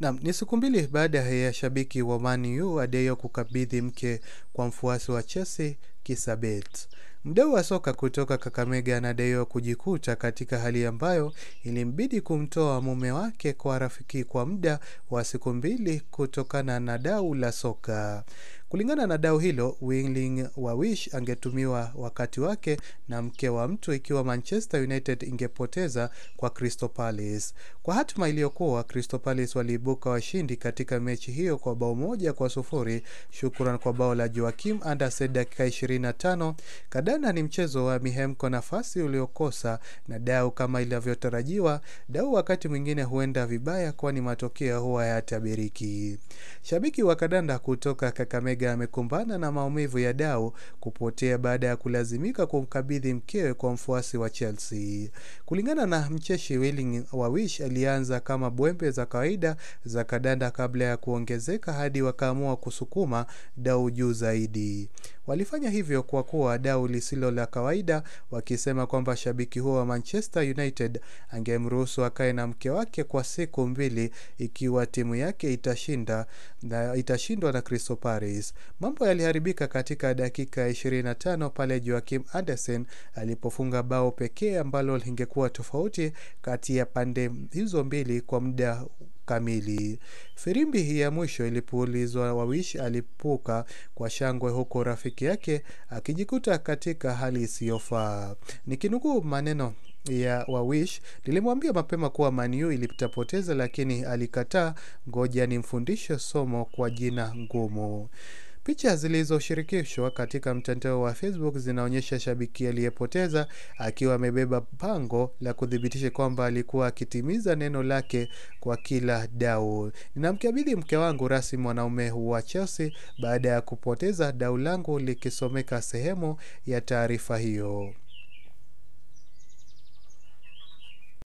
Naam, ni siku mbili baada ya shabiki wa Man U Adeyo kukabidhi mke kwa mfuasi wa Chelsea kisa Mdau wa soka kutoka Kakamega anadaiwa kujikuta katika hali ambayo ilimbidi kumtoa mume wake kwa rafiki kwa muda wa siku mbili kutokana na dau la soka. Kulingana na dau hilo, Winling wa Wish angetumiwa wakati wake na mke wa mtu ikiwa Manchester United ingepoteza kwa Crystal Palace. Kwa hatima iliyokuwa, Crystal Palace waliibuka washindi katika mechi hiyo kwa bao moja kwa sufuri, shukran kwa bao la Joakim Andersen dakika 25. Kadanda ni mchezo wa mihemko, nafasi uliokosa na dau kama ilivyotarajiwa. Dau wakati mwingine huenda vibaya, kwani matokeo huwa hayatabiriki. Shabiki wa kadanda kutoka Kakamega Odinga amekumbana na maumivu ya dau kupotea baada ya kulazimika kumkabidhi mkewe kwa mfuasi wa Chelsea. Kulingana na mcheshi Willing Wawish, alianza kama bwembe za kawaida za kadanda kabla ya kuongezeka hadi wakaamua kusukuma dau juu zaidi. Walifanya hivyo kwa kuwa dau lisilo la kawaida, wakisema kwamba shabiki huo wa Manchester United angemruhusu akae na mke wake kwa siku mbili ikiwa timu yake itashinda na itashindwa na Crystal Palace. Davis. Mambo yaliharibika katika dakika ya 25 pale Joachim Andersen alipofunga bao pekee ambalo lingekuwa tofauti kati ya pande hizo mbili kwa muda kamili. Firimbi hii ya mwisho ilipulizwa, Wawish alipuka kwa shangwe, huku rafiki yake akijikuta katika hali isiyofaa. Nikinukuu maneno ya Wawish, nilimwambia mapema kuwa Maniu ilitapoteza, lakini alikataa. Ngoja nimfundishe somo kwa jina ngumu. Picha zilizoshirikishwa katika mtandao wa Facebook zinaonyesha shabiki aliyepoteza akiwa amebeba pango la kuthibitisha kwamba alikuwa akitimiza neno lake kwa kila dau. Ninamkabidhi mke wangu rasmi mwanaume wa Chelsea baada ya kupoteza, dau langu likisomeka sehemu ya taarifa hiyo.